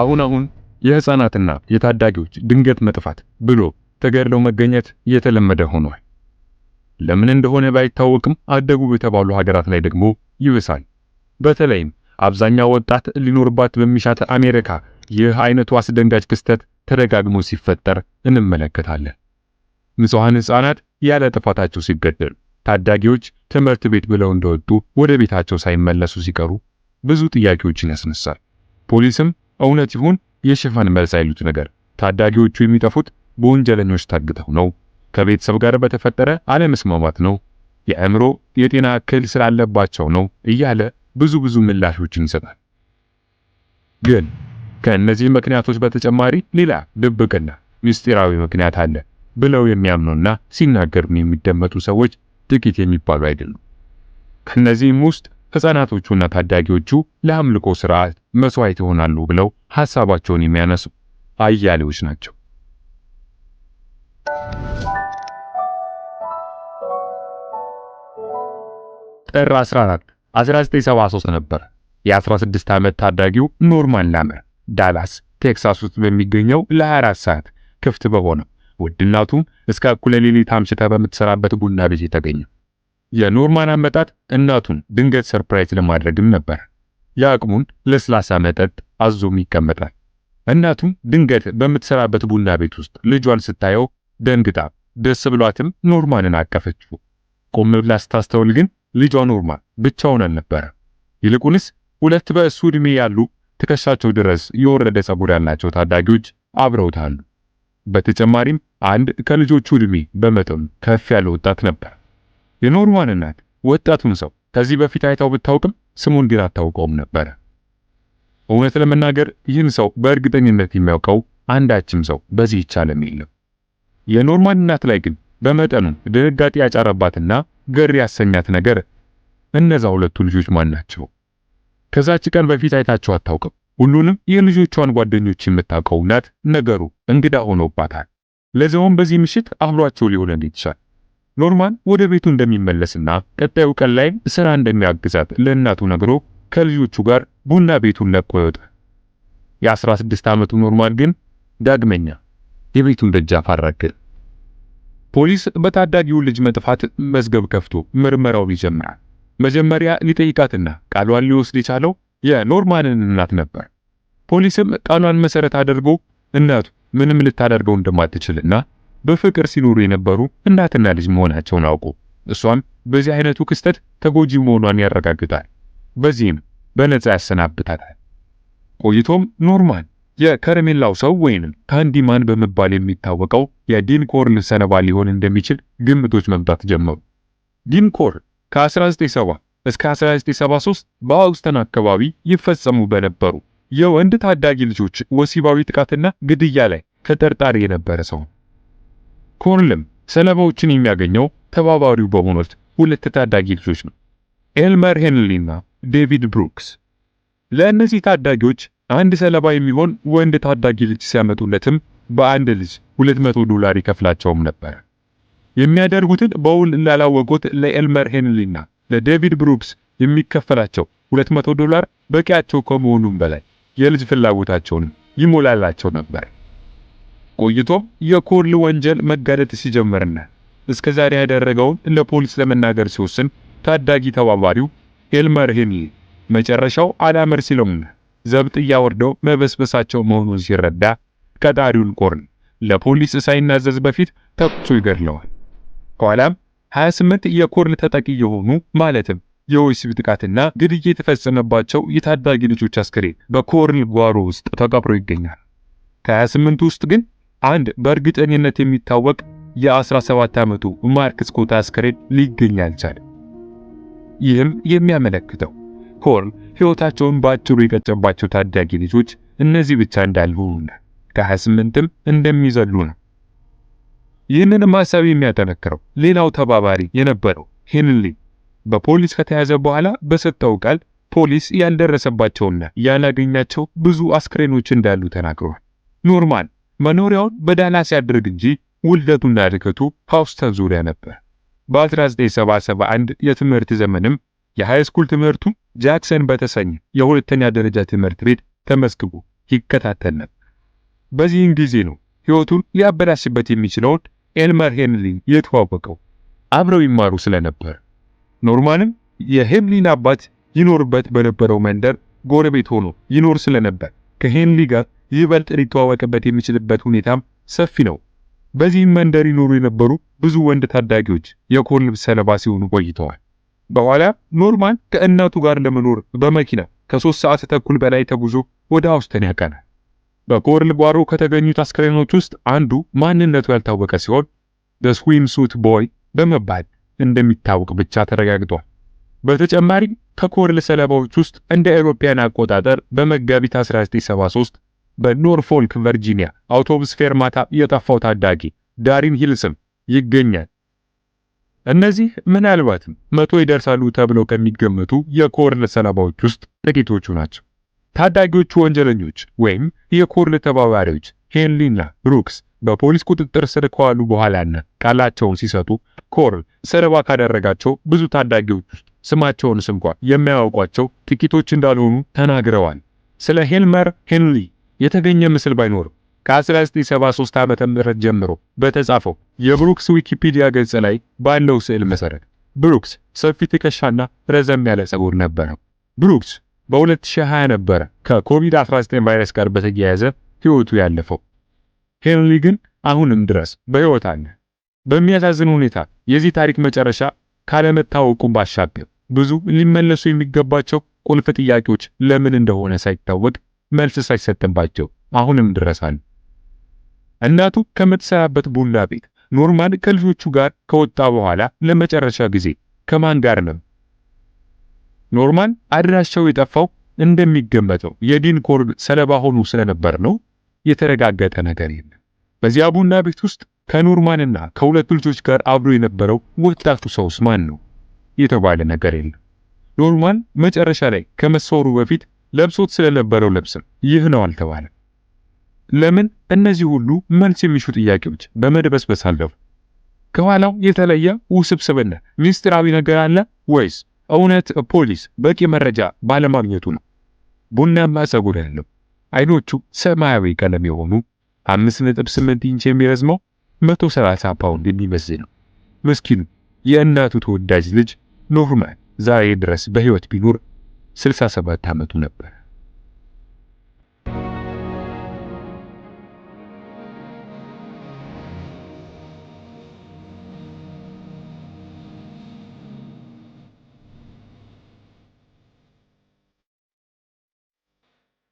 አሁን አሁን የህፃናትና የታዳጊዎች ድንገት መጥፋት ብሎ ተገድለው መገኘት የተለመደ ሆኗል። ለምን እንደሆነ ባይታወቅም አደጉ የተባሉ ሀገራት ላይ ደግሞ ይብሳል። በተለይም አብዛኛው ወጣት ሊኖርባት በሚሻት አሜሪካ ይህ አይነቱ አስደንጋጭ ክስተት ተደጋግሞ ሲፈጠር እንመለከታለን። ንጹሐን ህፃናት ያለ ጥፋታቸው ሲገደሉ፣ ታዳጊዎች ትምህርት ቤት ብለው እንደወጡ ወደ ቤታቸው ሳይመለሱ ሲቀሩ ብዙ ጥያቄዎችን ያስነሳል። ፖሊስም እውነት ይሁን የሽፋን መልስ አይሉት ነገር ታዳጊዎቹ የሚጠፉት በወንጀለኞች ታግተው ነው፣ ከቤተሰብ ጋር በተፈጠረ አለመስማማት ነው፣ የአእምሮ የጤና እክል ስላለባቸው ነው እያለ ብዙ ብዙ ምላሾችን ይሰጣል። ግን ከእነዚህ ምክንያቶች በተጨማሪ ሌላ ድብቅና ምስጢራዊ ምክንያት አለ ብለው የሚያምኑና ሲናገሩን የሚደመጡ ሰዎች ጥቂት የሚባሉ አይደሉም። ከእነዚህም ውስጥ ሕፃናቶቹና ታዳጊዎቹ ለአምልኮ ስርዓት መስዋዕት ይሆናሉ ብለው ሐሳባቸውን የሚያነሱ አያሌዎች ናቸው። ጥር 14 1973 ነበር የ16 ዓመት ታዳጊው ኖርማን ላመር ዳላስ ቴክሳስ ውስጥ በሚገኘው ለ24 ሰዓት ክፍት በሆነ ውድ እናቱም እስከ እኩለ ሌሊት አምሽታ በምትሰራበት ቡና ቤት የተገኘው። የኖርማን አመጣት እናቱን ድንገት ሰርፕራይዝ ለማድረግም ነበር። የአቅሙን ለስላሳ መጠጥ አዞም ይቀመጣል። እናቱም ድንገት በምትሰራበት ቡና ቤት ውስጥ ልጇን ስታየው ደንግጣ ደስ ብሏትም ኖርማንን አቀፈችው። ቆም ብላ ስታስተውል ግን ልጇ ኖርማን ብቻውን አልነበረ። ይልቁንስ ሁለት በእሱ ዕድሜ ያሉ ትከሻቸው ድረስ የወረደ ጸጉር ያላቸው ታዳጊዎች አብረውታሉ። በተጨማሪም አንድ ከልጆቹ ዕድሜ በመጠኑ ከፍ ያለ ወጣት ነበር። የኖርማን እናት ወጣቱን ሰው ከዚህ በፊት አይታው ብታውቅም ስሙን ግን አታውቀውም ነበረ። እውነት ለመናገር ይህን ሰው በእርግጠኝነት የሚያውቀው አንዳችም ሰው በዚህ ዓለም የለም። የኖርማን እናት ላይ ግን በመጠኑ ድንጋጤ ያጫረባትና ገር ያሰኛት ነገር እነዛ ሁለቱ ልጆች ማን ናቸው? ከዛች ቀን በፊት አይታቸው አታውቅም። ሁሉንም የልጆቿን ጓደኞች የምታውቀው ነገሩ እንግዳ ሆኖባታል። ለዚያውም በዚህ ምሽት አብሯቸው ሊሆን ይችላል። ኖርማን ወደ ቤቱ እንደሚመለስና ቀጣዩ ቀን ላይ ስራ እንደሚያግዛት ለእናቱ ነግሮ ከልጆቹ ጋር ቡና ቤቱን ለቆ ይወጣ። የ16 ዓመቱ ኖርማን ግን ዳግመኛ የቤቱን ደጃፍ አራገፈ። ፖሊስ በታዳጊው ልጅ መጥፋት መዝገብ ከፍቶ ምርመራው ይጀምራል። መጀመሪያ ሊጠይቃትና ቃሏን ሊወስድ የቻለው የኖርማንን እናት ነበር። ፖሊስም ቃሏን መሰረት አድርጎ እናቱ ምንም ልታደርገው እንደማትችልና በፍቅር ሲኖሩ የነበሩ እናትና ልጅ መሆናቸውን አውቁ። እሷም በዚህ አይነቱ ክስተት ተጎጂ መሆኗን ያረጋግጣል። በዚህም በነፃ ያሰናብታታል። ቆይቶም ኖርማን የከረሜላው ሰው ወይንም ካንዲማን በመባል የሚታወቀው የዲንኮርል ሰነባ ሊሆን እንደሚችል ግምቶች መምጣት ጀመሩ። ዲንኮር ከ1970 እስከ 1973 በአውስተን አካባቢ ይፈጸሙ በነበሩ የወንድ ታዳጊ ልጆች ወሲባዊ ጥቃትና ግድያ ላይ ተጠርጣሪ የነበረ ሰው ኮርልም ሰለባዎችን የሚያገኘው ተባባሪው በሆኑት ሁለት ታዳጊ ልጆች ነው፣ ኤልመር ሄንሊና ዴቪድ ብሩክስ። ለእነዚህ ታዳጊዎች አንድ ሰለባ የሚሆን ወንድ ታዳጊ ልጅ ሲያመጡለትም በአንድ ልጅ 200 ዶላር ይከፍላቸውም ነበር። የሚያደርጉትን በውል እንዳላወቁት ለኤልመር ሄንሊና ለዴቪድ ብሩክስ የሚከፈላቸው 200 ዶላር በቂያቸው ከመሆኑም በላይ የልጅ ፍላጎታቸውን ይሞላላቸው ነበር። ቆይቶም የኮል ወንጀል መጋለጥ ሲጀምርና እስከ ዛሬ ያደረገውን ለፖሊስ ለመናገር ሲወስን ታዳጊ ተባባሪው ኤልመር ሄንሊ መጨረሻው አላመር ሲለውና ዘብጥ ወርደው መበስበሳቸው መሆኑን ሲረዳ ቀጣሪውን ቆርን ለፖሊስ ሳይናዘዝ በፊት ተኩሶ ይገድለዋል። ከኋላም 28 የኮርን ተጠቂ የሆኑ ማለትም የወሲብ ጥቃትና ግድያ የተፈጸመባቸው የታዳጊ ልጆች አስከሬን በኮርል ጓሮ ውስጥ ተቀብሮ ይገኛል። ከ28 ውስጥ ግን አንድ በእርግጠኝነት የሚታወቅ የ17 ዓመቱ ማርክ ስኮት አስክሬን ሊገኝ አልቻለም። ይህም የሚያመለክተው ሆርን ሕይወታቸውን በአጭሩ የቀጨባቸው ታዳጊ ልጆች እነዚህ ብቻ እንዳልሆኑና ከ28ም እንደሚዘሉ ነው። ይህንንም ሐሳብ የሚያጠነክረው ሌላው ተባባሪ የነበረው ሄንሊ በፖሊስ ከተያዘ በኋላ በሰጠው ቃል ፖሊስ ያልደረሰባቸውና ያላገኛቸው ብዙ አስክሬኖች እንዳሉ ተናግሯል። ኖርማል መኖሪያውን በዳላስ ያደረግ እንጂ ውልደቱና እድገቱ ፓውስተን ዙሪያ ነበር። በ1971 የትምህርት ዘመንም የሃይስኩል ትምህርቱ ጃክሰን በተሰኘ የሁለተኛ ደረጃ ትምህርት ቤት ተመዝግቦ ይከታተል ነበር። በዚህም ጊዜ ነው ሕይወቱን ሊያበላሽበት የሚችለውን ኤልመር ሄንሊን የተዋወቀው። አብረው ይማሩ ስለነበር ኖርማንም የሄንሊን አባት ይኖርበት በነበረው መንደር ጎረቤት ሆኖ ይኖር ስለነበር ከሄንሊ ጋር ይበልጥ ሊተዋወቅበት የሚችልበት ሁኔታም ሰፊ ነው። በዚህም መንደር ይኖሩ የነበሩ ብዙ ወንድ ታዳጊዎች ልብስ ሰለባ ሲሆኑ ቆይተዋል። በኋላ ኖርማን ከእናቱ ጋር ለመኖር በመኪና ከሶስት ሰዓት ተኩል በላይ ተጉዞ ወደ አውስተን ያቀናል። በኮርል ጓሮ ከተገኙት አስከሬኖች ውስጥ አንዱ ማንነቱ ያልታወቀ ሲሆን በስዊም ሱት ቦይ በመባል እንደሚታወቅ ብቻ ተረጋግጧል። በተጨማሪም ከኮርል ሰለባዎች ውስጥ እንደ አውሮፓውያን አቆጣጠር በመጋቢት 1973 በኖርፎልክ ቨርጂኒያ አውቶቡስ ፌርማታ የጠፋው ታዳጊ ዳሪን ሂልስም ይገኛል። እነዚህ ምናልባትም መቶ ይደርሳሉ ተብለው ከሚገመቱ የኮርል ሰለባዎች ውስጥ ጥቂቶቹ ናቸው። ታዳጊዎቹ ወንጀለኞች ወይም የኮርል ተባባሪዎች ሄንሊና ሩክስ በፖሊስ ቁጥጥር ስር ከዋሉ በኋላና ቃላቸውን ሲሰጡ ኮርል ሰለባ ካደረጋቸው ብዙ ታዳጊዎች ውስጥ ስማቸውን እንኳ የሚያውቋቸው ጥቂቶች እንዳልሆኑ ተናግረዋል። ስለ ሄልመር ሄንሊ የተገኘ ምስል ባይኖርም ከ1973 ም ጀምሮ በተጻፈው የብሩክስ ዊኪፒዲያ ገጽ ላይ ባለው ስዕል መሰረት ብሩክስ ሰፊ ትከሻና ረዘም ያለ ጸጉር ነበረው። ብሩክስ በ2020 ነበረ ከኮቪድ-19 ቫይረስ ጋር በተያያዘ ሕይወቱ ያለፈው። ሄንሪ ግን አሁንም ድረስ በሕይወት አለ። በሚያሳዝን ሁኔታ የዚህ ታሪክ መጨረሻ ካለመታወቁ ባሻገር ብዙ ሊመለሱ የሚገባቸው ቁልፍ ጥያቄዎች ለምን እንደሆነ ሳይታወቅ መልስ ሳይሰጥባቸው አሁንም ድረሳል። እናቱ ከምትሰራበት ቡና ቤት ኖርማን ከልጆቹ ጋር ከወጣ በኋላ ለመጨረሻ ጊዜ ከማን ጋር ነው? ኖርማን አድራሻው የጠፋው እንደሚገመተው የዲን ኮርድ ሰለባ ሆኖ ስለነበር ነው። የተረጋገጠ ነገር የለም። በዚያ ቡና ቤት ውስጥ ከኖርማንና ከሁለት ልጆች ጋር አብሮ የነበረው ወጣቱ ሰውስ ማን ነው የተባለ ነገር የለም። ኖርማን መጨረሻ ላይ ከመሰወሩ በፊት ለብሶት ስለነበረው ልብስም ይህ ነው አልተባለም። ለምን? እነዚህ ሁሉ መልስ የሚሹ ጥያቄዎች በመደበስበስ አለፉ። ከኋላው የተለየ ውስብስብና ሚስጥራዊ ነገር አለ ወይስ እውነት ፖሊስ በቂ መረጃ ባለማግኘቱ ነው? ቡናማ ፀጉር ያለው አይኖቹ ሰማያዊ ቀለም የሆኑ 5.8 ኢንች የሚረዝመው 130 ፓውንድ የሚመዝን ነው። ምስኪኑ የእናቱ ተወዳጅ ልጅ ኖርማን ዛሬ ድረስ በህይወት ቢኖር 67 ዓመቱ ነበር።